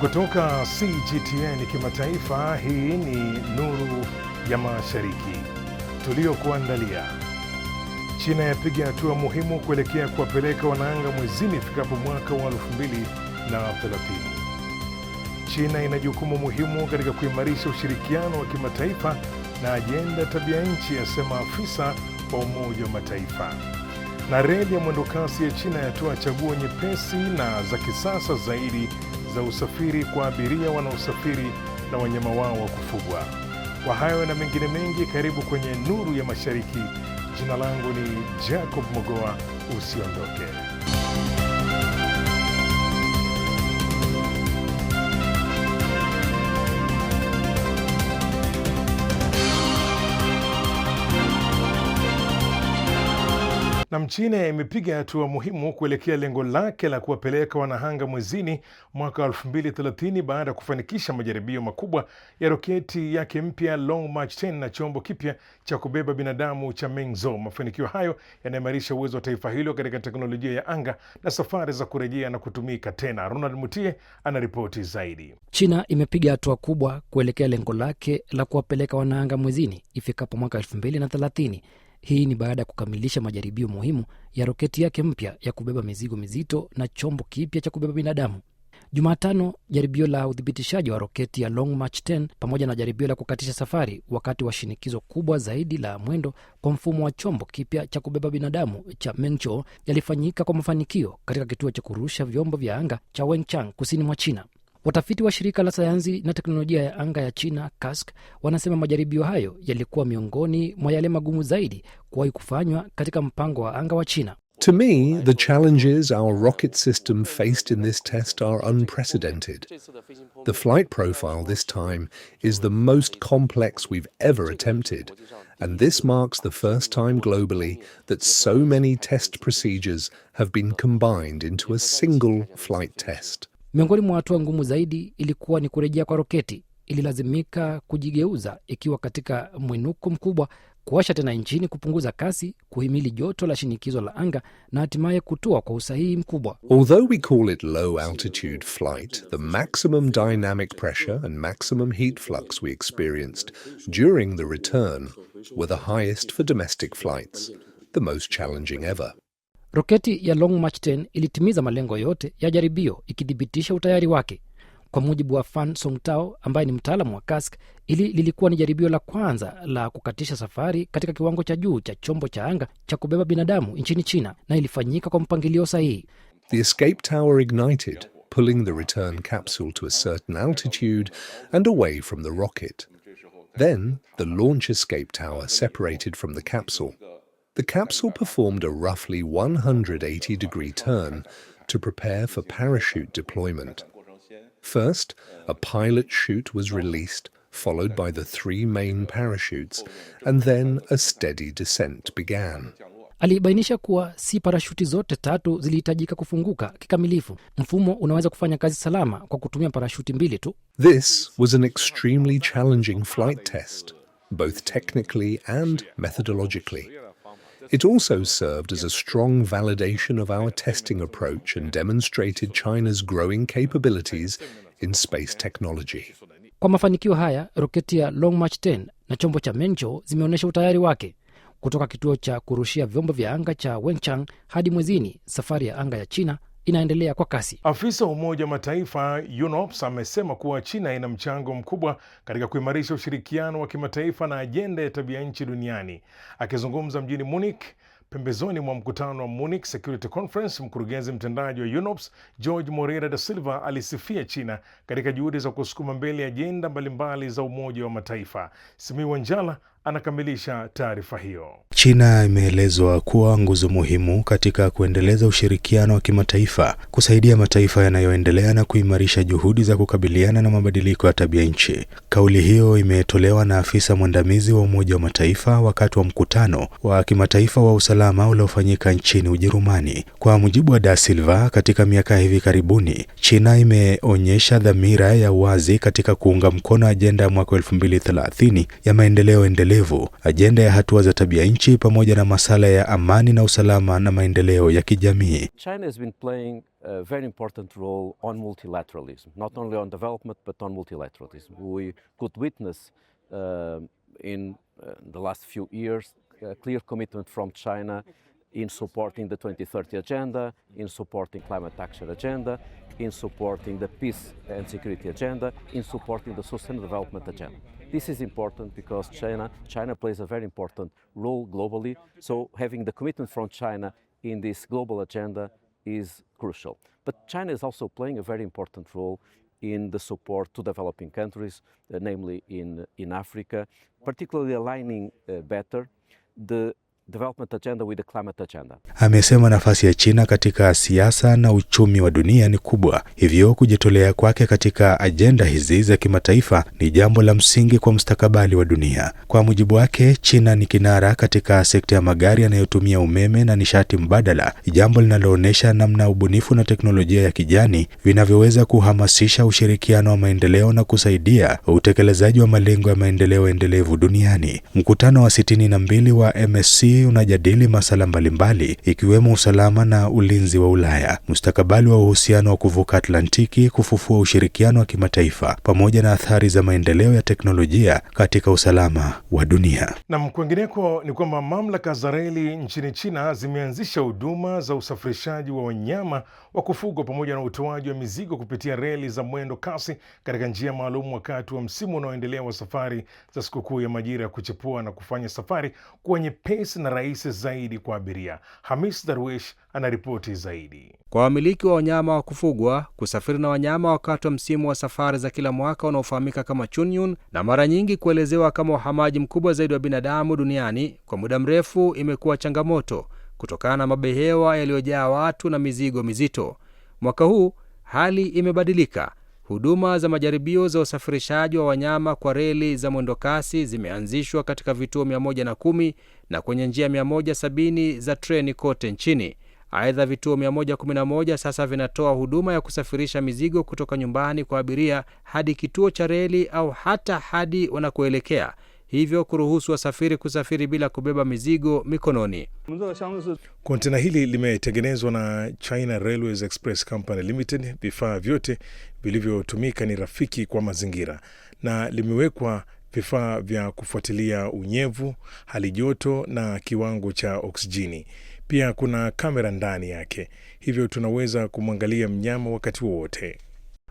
Kutoka CGTN Kimataifa, hii ni Nuru ya Mashariki tuliyokuandalia. China yapiga hatua muhimu kuelekea kuwapeleka wanaanga mwezini ifikapo mwaka wa 2030. China ina jukumu muhimu katika kuimarisha ushirikiano wa kimataifa na ajenda tabia nchi, yasema afisa wa Umoja wa Mataifa. Na reli ya mwendokasi ya China yatoa chaguo nyepesi na za kisasa zaidi za usafiri kwa abiria wanaosafiri na wanyama wao wa kufugwa. Kwa hayo na mengine mengi, karibu kwenye Nuru ya Mashariki. Jina langu ni Jacob Mogoa, usiondoke. Nam, China imepiga hatua muhimu kuelekea lengo lake la kuwapeleka wanahanga mwezini mwaka 2030 baada ya kufanikisha majaribio makubwa ya roketi yake mpya Long March 10 na chombo kipya cha kubeba binadamu cha Mengzhou. Mafanikio hayo yanaimarisha uwezo wa taifa hilo katika teknolojia ya anga na safari za kurejea na kutumika tena. Ronald Mutie anaripoti zaidi. China imepiga hatua kubwa kuelekea lengo lake la kuwapeleka wanahanga mwezini ifikapo mwaka 2030 hii ni baada ya kukamilisha majaribio muhimu ya roketi yake mpya ya kubeba mizigo mizito na chombo kipya cha kubeba binadamu. Jumatano, jaribio la uthibitishaji wa roketi ya Long March 10 pamoja na jaribio la kukatisha safari wakati wa shinikizo kubwa zaidi la mwendo kwa mfumo wa chombo kipya cha kubeba binadamu cha Mencho yalifanyika kwa mafanikio katika kituo cha kurusha vyombo vya anga cha Wenchang kusini mwa China. Watafiti wa shirika la sayansi na teknolojia ya anga ya China CASC wanasema majaribio hayo yalikuwa miongoni mwa yale magumu zaidi kuwahi kufanywa katika mpango wa anga wa China. To me, the challenges our rocket system faced in this test are unprecedented. The flight profile this time is the most complex we've ever attempted, and this marks the first time globally that so many test procedures have been combined into a single flight test. Miongoni mwa hatua ngumu zaidi ilikuwa ni kurejea kwa roketi. Ililazimika kujigeuza ikiwa katika mwinuko mkubwa, kuasha tena nchini kupunguza kasi, kuhimili joto la shinikizo la anga na hatimaye kutua kwa usahihi mkubwa. Although we call it low altitude flight, the maximum dynamic pressure and maximum heat flux we experienced during the return were the highest for domestic flights, the most challenging ever. Roketi ya Long March 10 ilitimiza malengo yote ya jaribio ikithibitisha utayari wake. Kwa mujibu wa Fan Songtao ambaye ni mtaalamu wa Kask, ili lilikuwa ni jaribio la kwanza la kukatisha safari katika kiwango cha juu cha chombo cha anga cha kubeba binadamu nchini China, na ilifanyika kwa mpangilio sahihi. The escape tower ignited, pulling the return capsule to a certain altitude and away from the rocket. Then the launch escape tower separated from the capsule. The capsule performed a roughly 180 degree turn to prepare for parachute deployment. First, a pilot chute was released, followed by the three main parachutes, and then a steady descent began. alibainisha kuwa si parashuti zote tatu zilihitajika kufunguka kikamilifu mfumo unaweza kufanya kazi salama kwa kutumia parashuti mbili tu this was an extremely challenging flight test both technically and methodologically It also served as a strong validation of our testing approach and demonstrated China's growing capabilities in space technology. Kwa mafanikio haya, roketi ya Long March 10 na chombo cha Mencho zimeonyesha utayari wake kutoka kituo cha kurushia vyombo vya anga cha Wenchang hadi mwezini, safari ya anga ya China inaendelea kwa kasi. Afisa wa Umoja wa Mataifa UNOPS amesema kuwa China ina mchango mkubwa katika kuimarisha ushirikiano wa kimataifa na ajenda ya tabia nchi duniani. Akizungumza mjini Munich pembezoni mwa mkutano wa Munich Security Conference, mkurugenzi mtendaji wa UNOPS George Moreira da Silva alisifia China katika juhudi za kusukuma mbele ajenda mbalimbali za Umoja wa Mataifa. simiwa njala anakamilisha taarifa hiyo. China imeelezwa kuwa nguzo muhimu katika kuendeleza ushirikiano wa kimataifa, kusaidia mataifa yanayoendelea na kuimarisha juhudi za kukabiliana na mabadiliko ya tabia nchi. Kauli hiyo imetolewa na afisa mwandamizi wa Umoja wa Mataifa wakati wa mkutano wa kimataifa wa usalama uliofanyika nchini Ujerumani. Kwa mujibu wa Da Silva, katika miaka ya hivi karibuni China imeonyesha dhamira ya wazi katika kuunga mkono ajenda ya mwaka 2030 ya maendeleo endelevu endelevu, ajenda ya hatua za tabia nchi, pamoja na masuala ya amani na usalama na maendeleo ya kijamii. China has been playing a very important role on multilateralism, not only on development but on multilateralism. We could witness uh, in uh, the last few years a clear commitment from China in supporting the 2030 agenda, in supporting climate action agenda, in supporting the peace and security agenda, in supporting the sustainable development agenda. This is important because China, China plays a very important role globally. So having the commitment from China in this global agenda is crucial. But China is also playing a very important role in the support to developing countries, uh, namely in, in Africa, particularly aligning uh, better the development agenda with the climate agenda. Amesema nafasi ya China katika siasa na uchumi wa dunia ni kubwa, hivyo kujitolea kwake katika ajenda hizi za kimataifa ni jambo la msingi kwa mustakabali wa dunia. Kwa mujibu wake, China ni kinara katika sekta ya magari yanayotumia umeme na nishati mbadala, jambo linaloonyesha namna ubunifu na teknolojia ya kijani vinavyoweza kuhamasisha ushirikiano wa maendeleo na kusaidia utekelezaji wa malengo ya maendeleo endelevu duniani. Mkutano wa sitini wa MSC hii unajadili masala mbalimbali ikiwemo usalama na ulinzi wa Ulaya, mustakabali wa uhusiano wa kuvuka Atlantiki, kufufua ushirikiano wa kimataifa, pamoja na athari za maendeleo ya teknolojia katika usalama wa dunia. Nam, kwengineko ni kwamba mamlaka za reli nchini China zimeanzisha huduma za usafirishaji wa wanyama wa kufugwa pamoja na utoaji wa mizigo kupitia reli za mwendo kasi katika njia maalum wakati wa msimu unaoendelea wa safari za sikukuu ya majira ya kuchipua na kufanya safari kuwa nyepesi na rahisi zaidi kwa abiria. Hamis Darwish anaripoti zaidi. Kwa wamiliki wa wanyama wa kufugwa, kusafiri na wanyama wakati wa msimu wa safari za kila mwaka unaofahamika kama chunyun na mara nyingi kuelezewa kama uhamaji mkubwa zaidi wa binadamu duniani, kwa muda mrefu imekuwa changamoto kutokana na mabehewa yaliyojaa watu na mizigo mizito. Mwaka huu hali imebadilika. Huduma za majaribio za usafirishaji wa wanyama kwa reli za mwendokasi zimeanzishwa katika vituo 110 na kwenye njia 170 za treni kote nchini. Aidha, vituo 111 sasa vinatoa huduma ya kusafirisha mizigo kutoka nyumbani kwa abiria hadi kituo cha reli au hata hadi wanakoelekea, hivyo kuruhusu wasafiri kusafiri bila kubeba mizigo mikononi. Kontena hili limetengenezwa na China Railways Express Company Limited. Vifaa vyote vilivyotumika ni rafiki kwa mazingira na limewekwa vifaa vya kufuatilia unyevu, hali joto na kiwango cha oksijeni. Pia kuna kamera ndani yake, hivyo tunaweza kumwangalia mnyama wakati wowote.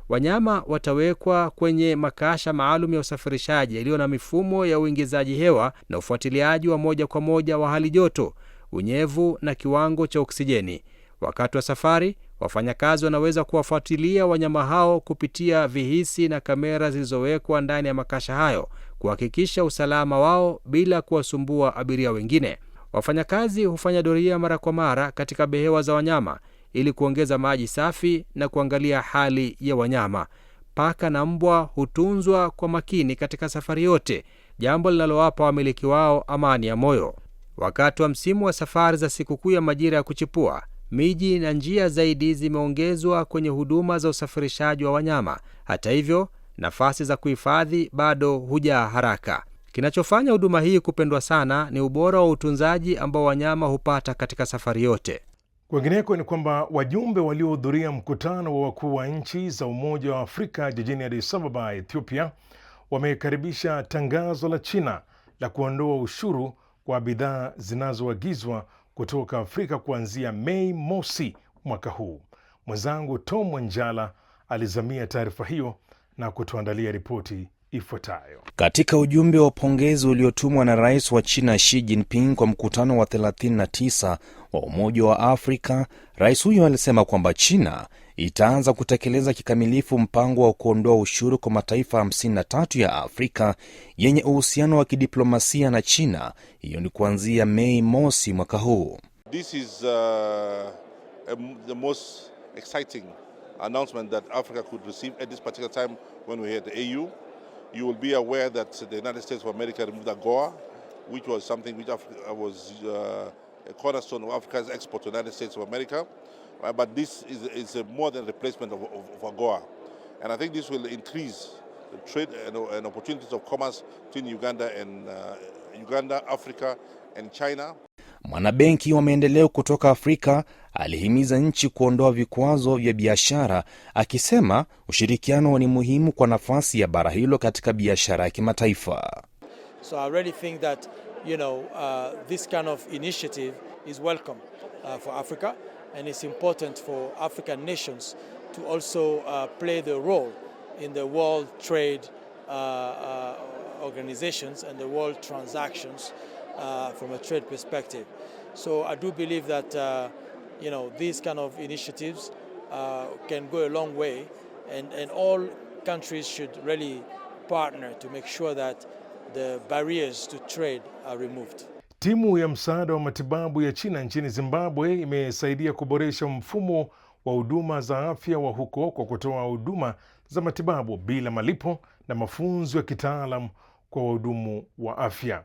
Wanyama watawekwa kwenye makasha maalum ya usafirishaji yaliyo na mifumo ya uingizaji hewa na ufuatiliaji wa moja kwa moja wa hali joto, unyevu na kiwango cha oksijeni. Wakati wa safari, wafanyakazi wanaweza kuwafuatilia wanyama hao kupitia vihisi na kamera zilizowekwa ndani ya makasha hayo kuhakikisha usalama wao bila kuwasumbua abiria wengine. Wafanyakazi hufanya doria mara kwa mara katika behewa za wanyama ili kuongeza maji safi na kuangalia hali ya wanyama. Paka na mbwa hutunzwa kwa makini katika safari yote, jambo linalowapa wamiliki wao amani ya moyo. Wakati wa msimu wa safari za sikukuu ya majira ya kuchipua, miji na njia zaidi zimeongezwa kwenye huduma za usafirishaji wa wanyama. Hata hivyo, nafasi za kuhifadhi bado hujaa haraka. Kinachofanya huduma hii kupendwa sana ni ubora wa utunzaji ambao wanyama hupata katika safari yote. Kwingineko ni kwamba wajumbe waliohudhuria mkutano wa wakuu wa nchi za Umoja wa Afrika jijini Addis Ababa, Ethiopia, wamekaribisha tangazo la China la kuondoa ushuru kwa bidhaa zinazoagizwa kutoka Afrika kuanzia Mei mosi mwaka huu. Mwenzangu Tom Wanjala alizamia taarifa hiyo na kutuandalia ripoti ifuatayo. Katika ujumbe wa pongezi uliotumwa na rais wa China Xi Jinping kwa mkutano wa 39 wa Umoja wa Afrika, rais huyo alisema kwamba China itaanza kutekeleza kikamilifu mpango wa kuondoa ushuru kwa mataifa 53 ya Afrika yenye uhusiano wa kidiplomasia na China. Hiyo ni kuanzia Mei mosi mwaka huu. This is, uh, the most exciting announcement that Africa could receive at this particular time when we had the AU. You will be aware that the United States of America removed AGOA, which was something which uh, was uh, a cornerstone of Africa's export to the United States of America. Uh, but this is, is a more than replacement of, of, of AGOA. And I think this will increase the trade and, and opportunities of commerce between Uganda and uh, Uganda, Africa, and China. Mwanabenki wa maendeleo kutoka Afrika alihimiza nchi kuondoa vikwazo vya biashara, akisema ushirikiano ni muhimu kwa nafasi ya bara hilo katika biashara ya kimataifa. So I really think that, you know, uh, this kind of initiative is welcome uh, for Africa and it's important for African nations to also uh, play role in the world trade uh, uh, organizations and the world transactions uh, from a trade perspective. So I do believe that uh, you know these kind of initiatives uh, can go a long way, and, and all countries should really partner to make sure that the barriers to trade are removed. Timu ya msaada wa matibabu ya China nchini Zimbabwe imesaidia kuboresha mfumo wa huduma za afya wa huko kwa kutoa huduma za matibabu bila malipo na mafunzo ya kitaalamu kwa wahudumu wa afya.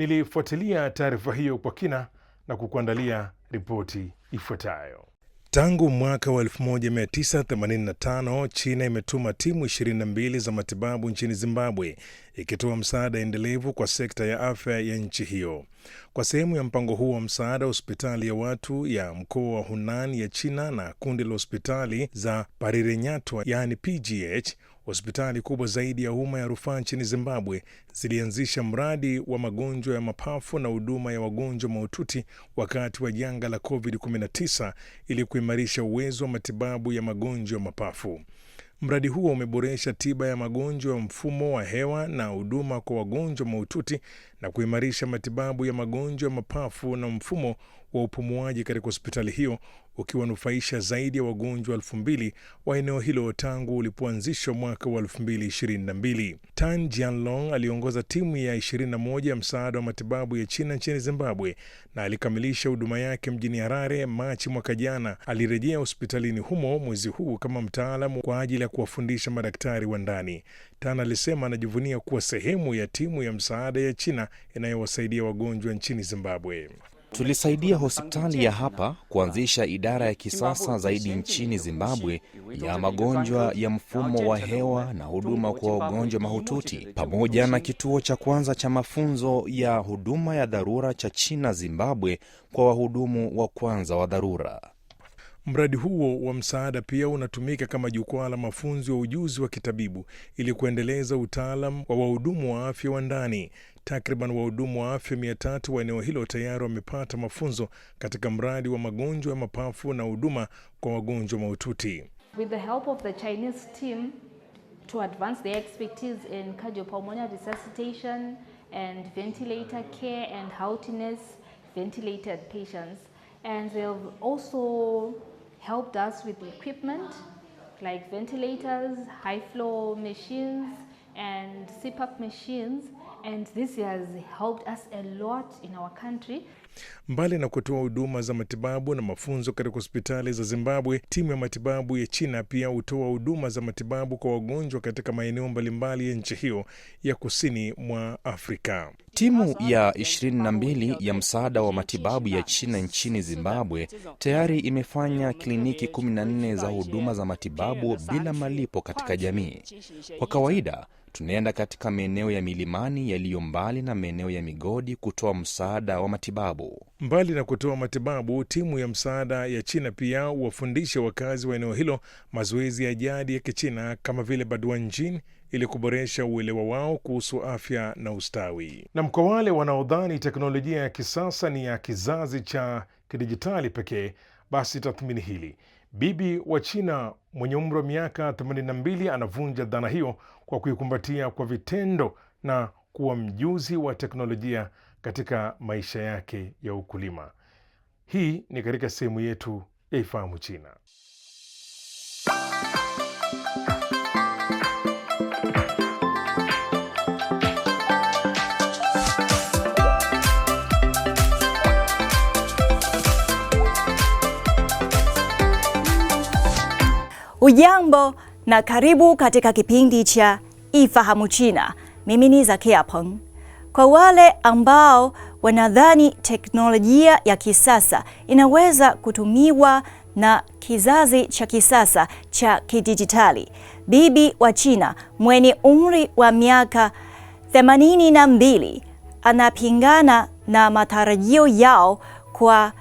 Nilifuatilia taarifa hiyo kwa kina na kukuandalia ripoti ifuatayo. Tangu mwaka wa 1985 China imetuma timu 22 za matibabu nchini Zimbabwe ikitoa msaada endelevu kwa sekta ya afya ya nchi hiyo. Kwa sehemu ya mpango huo wa msaada, hospitali ya watu ya mkoa wa Hunan ya China na kundi la hospitali za Parirenyatwa yaani PGH Hospitali kubwa zaidi ya umma ya rufaa nchini Zimbabwe zilianzisha mradi wa magonjwa ya mapafu na huduma ya wagonjwa mahututi wakati wa janga la COVID-19 ili kuimarisha uwezo wa matibabu ya magonjwa ya mapafu. Mradi huo umeboresha tiba ya magonjwa ya mfumo wa hewa na huduma kwa wagonjwa mahututi na kuimarisha matibabu ya magonjwa ya mapafu na mfumo wa upumuaji katika hospitali hiyo ukiwanufaisha zaidi ya wagonjwa elfu mbili wa eneo hilo tangu ulipoanzishwa mwaka wa ishirini na mbili Tan Jianlong aliongoza timu ya ishirini moja ya msaada wa matibabu ya China nchini Zimbabwe na alikamilisha huduma yake mjini Harare Machi mwaka jana. Alirejea hospitalini humo mwezi huu kama mtaalamu kwa ajili ya kuwafundisha madaktari wa ndani. Tan alisema anajivunia kuwa sehemu ya timu ya msaada ya China inayowasaidia wagonjwa nchini Zimbabwe. Tulisaidia hospitali ya hapa kuanzisha idara ya kisasa zaidi nchini Zimbabwe ya magonjwa ya mfumo wa hewa na huduma kwa wagonjwa mahututi pamoja na kituo cha kwanza cha mafunzo ya huduma ya dharura cha China Zimbabwe kwa wahudumu wa kwanza wa dharura. Mradi huo wa msaada pia unatumika kama jukwaa la mafunzo ya ujuzi wa kitabibu ili kuendeleza utaalam wa wahudumu wa afya wa ndani. Takriban wahudumu wa afya mia tatu wa eneo hilo tayari wamepata mafunzo katika mradi wa magonjwa ya mapafu na huduma kwa wagonjwa mahututi. And ventilator care and how to nurse ventilated patients and they've also helped us with equipment like ventilators, high flow machines and CPAP machines and this has helped us a lot in our country. Mbali na kutoa huduma za matibabu na mafunzo katika hospitali za Zimbabwe, timu ya matibabu ya China pia hutoa huduma za matibabu kwa wagonjwa katika maeneo mbalimbali ya nchi hiyo ya kusini mwa Afrika. Timu ya 22 ya msaada wa matibabu ya China nchini Zimbabwe tayari imefanya kliniki 14 za huduma za matibabu bila malipo katika jamii. Kwa kawaida, tunaenda katika maeneo ya milimani yaliyo mbali na maeneo ya migodi kutoa msaada wa matibabu. Mbali na kutoa matibabu, timu ya msaada ya China pia wafundisha wakazi wa eneo hilo mazoezi ya jadi ya Kichina kama vile baduanjin ili kuboresha uelewa wao kuhusu afya na ustawi. Na kwa wale wanaodhani teknolojia ya kisasa ni ya kizazi cha kidijitali pekee, basi tathmini hili Bibi wa China mwenye umri wa miaka 82 anavunja dhana hiyo kwa kuikumbatia kwa vitendo na kuwa mjuzi wa teknolojia katika maisha yake ya ukulima. Hii ni katika sehemu yetu ya Ifahamu China. Ujambo na karibu katika kipindi cha Ifahamu China. Mimi ni Zakia Peng. Kwa wale ambao wanadhani teknolojia ya kisasa inaweza kutumiwa na kizazi cha kisasa cha kidijitali, bibi wa China mwenye umri wa miaka 82 anapingana na matarajio yao kwa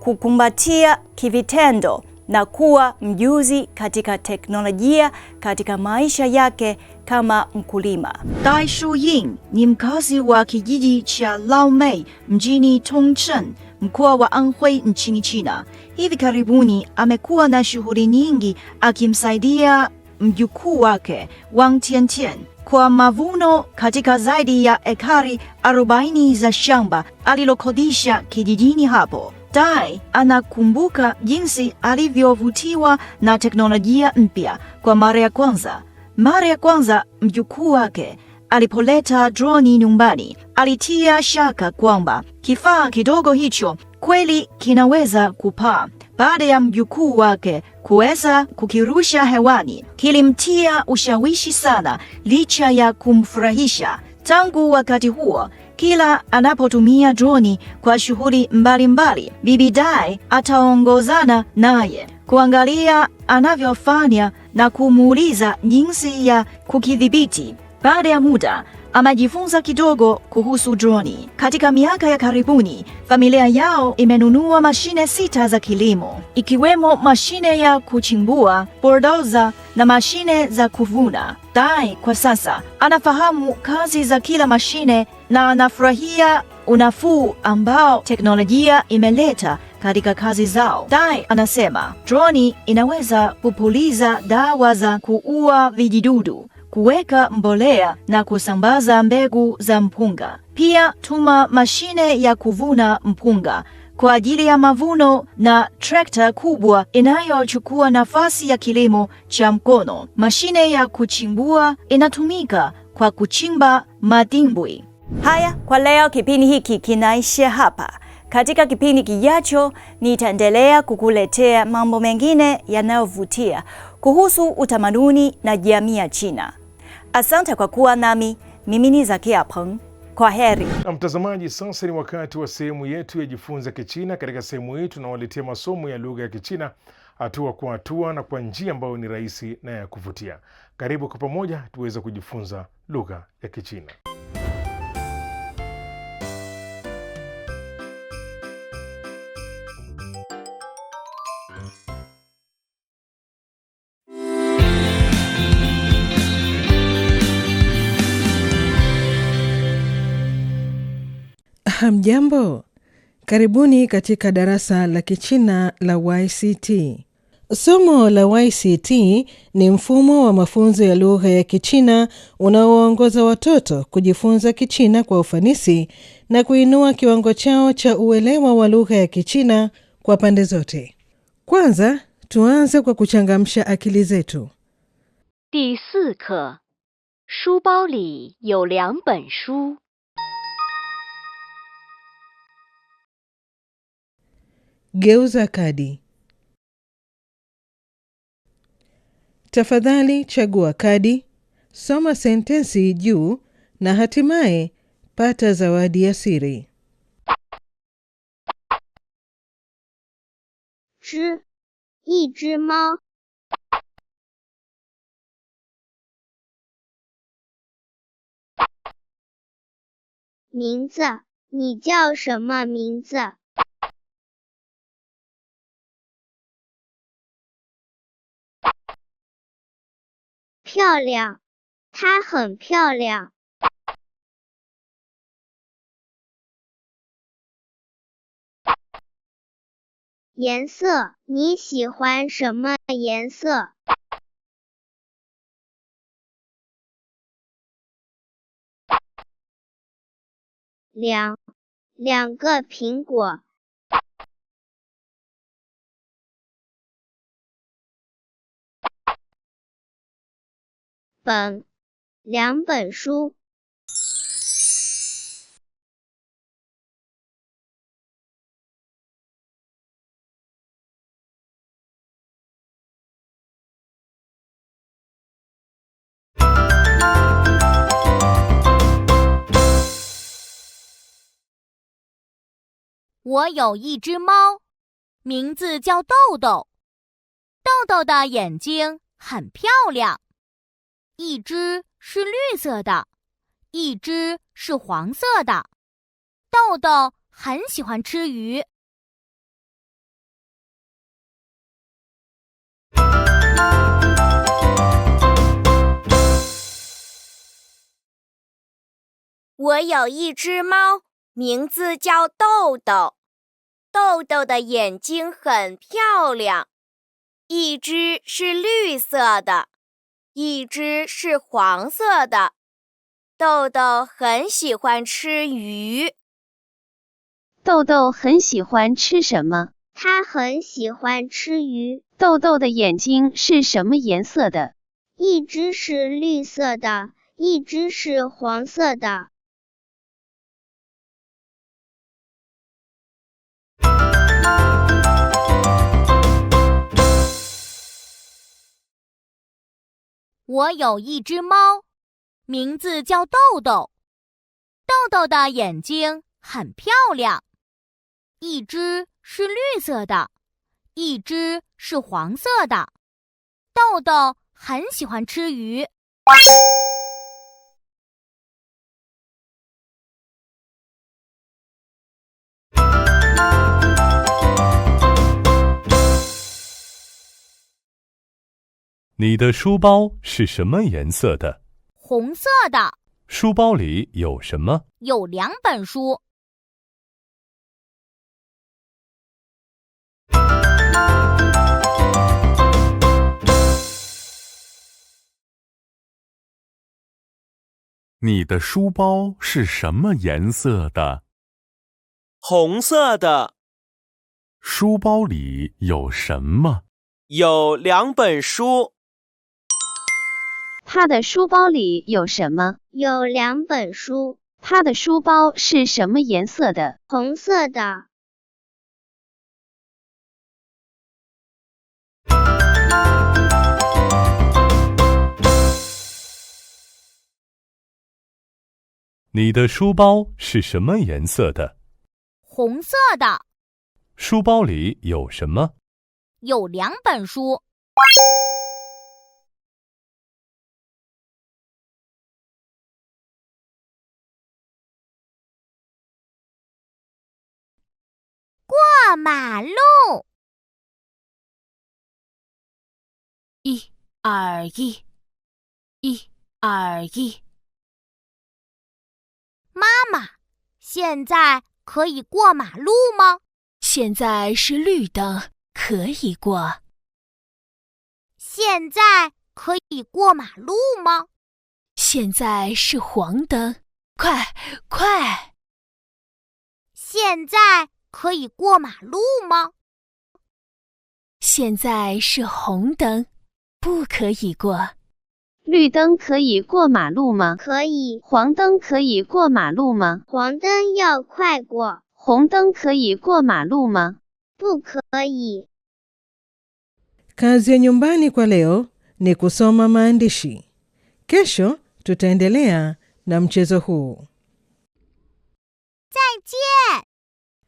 kukumbatia kivitendo na kuwa mjuzi katika teknolojia katika maisha yake kama mkulima. Dai Shuying ni mkazi wa kijiji cha Laomei mjini Tongchen, mkoa wa Anhui nchini China. Hivi karibuni amekuwa na shughuli nyingi akimsaidia mjukuu wake Wang Tiantian kwa mavuno katika zaidi ya ekari 40 za shamba alilokodisha kijijini hapo. Tai anakumbuka jinsi alivyovutiwa na teknolojia mpya kwa mara ya kwanza. Mara ya kwanza mjukuu wake alipoleta droni nyumbani, alitia shaka kwamba kifaa kidogo hicho kweli kinaweza kupaa. Baada ya mjukuu wake kuweza kukirusha hewani, kilimtia ushawishi sana, licha ya kumfurahisha. Tangu wakati huo kila anapotumia droni kwa shughuli mbalimbali, Bibi Dai ataongozana naye kuangalia anavyofanya na kumuuliza jinsi ya kukidhibiti. Baada ya muda amejifunza kidogo kuhusu droni. Katika miaka ya karibuni, familia yao imenunua mashine sita za kilimo, ikiwemo mashine ya kuchimbua, bordoza na mashine za kuvuna. Dai kwa sasa anafahamu kazi za kila mashine na anafurahia unafuu ambao teknolojia imeleta katika kazi zao. Dai anasema droni inaweza kupuliza dawa za kuua vijidudu kuweka mbolea na kusambaza mbegu za mpunga. Pia tuma mashine ya kuvuna mpunga kwa ajili ya mavuno na trekta kubwa inayochukua nafasi ya kilimo cha mkono. Mashine ya kuchimbua inatumika kwa kuchimba madimbwi. Haya, kwa leo kipindi hiki kinaisha hapa. Katika kipindi kijacho nitaendelea kukuletea mambo mengine yanayovutia kuhusu utamaduni na jamii ya China. Asante kwa kuwa nami. Mimi ni Zakia Peng. Kwa heri. Na mtazamaji, sasa ni wakati wa sehemu yetu ya Jifunza Kichina. Katika sehemu hii tunawaletea masomo ya lugha ya Kichina hatua kwa hatua na kwa njia ambayo ni rahisi na ya kuvutia. Karibu kwa pamoja tuweze kujifunza lugha ya Kichina. Hamjambo, karibuni katika darasa la Kichina la YCT. Somo la YCT ni mfumo wa mafunzo ya lugha ya Kichina unaowaongoza watoto kujifunza Kichina kwa ufanisi na kuinua kiwango chao cha uelewa wa lugha ya Kichina kwa pande zote. Kwanza tuanze kwa kuchangamsha akili zetu. Geuza kadi. Tafadhali chagua kadi, soma sentensi juu na hatimaye pata zawadi ya siri. Zhi, ni jiao shenme mingzi? 漂亮，它很漂亮。颜色，你喜欢什么颜色？两，两个苹果。本两本书。我有一只猫，名字叫豆豆。豆豆的眼睛很漂亮。一只是绿色的，一只是黄色的。豆豆很喜欢吃鱼。我有一只猫，名字叫豆豆。豆豆的眼睛很漂亮，一只是绿色的。一只是黄色的，豆豆很喜欢吃鱼。豆豆很喜欢吃什么？他很喜欢吃鱼。豆豆的眼睛是什么颜色的？一只是绿色的，一只是黄色的。我有一只猫，名字叫豆豆。豆豆的眼睛很漂亮，一只是绿色的，一只是黄色的。豆豆很喜欢吃鱼。你的书包是什么颜色的？红色的。书包里有什么？有两本书。你的书包是什么颜色的？红色的。书包里有什么？有两本书。他的书包里有什么？有两本书。他的书包是什么颜色的？红色的。你的书包是什么颜色的？红色的。书包里有什么？有两本书。过马路，一、二、一，一、二、一。妈妈，现在可以过马路吗？现在是绿灯，可以过。现在可以过马路吗？现在是黄灯，快快！现在。可以过马路吗？现在是红灯，不可以过。绿灯可以过马路吗？可以。黄灯可以过马路吗？黄灯要快过。红灯可以过马路吗？不可以。Kazi nyumbani kwa leo, nikuomba mama ndishi. Kesho tuendelea namchezo huu. 再见。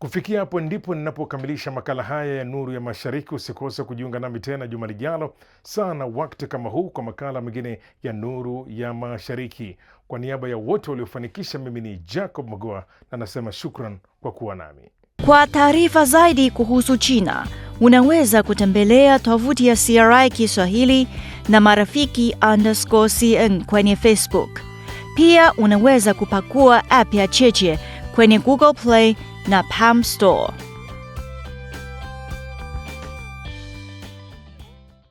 Kufikia hapo ndipo ninapokamilisha makala haya ya Nuru ya Mashariki. Usikose kujiunga nami tena juma lijalo sana wakati kama huu kwa makala mengine ya Nuru ya Mashariki. Kwa niaba ya wote waliofanikisha, mimi ni Jacob Magoa na nasema shukran kwa kuwa nami. Kwa taarifa zaidi kuhusu China unaweza kutembelea tovuti ya CRI Kiswahili na marafiki underscore cn kwenye Facebook. Pia unaweza kupakua app ya Cheche kwenye Google Play napalm store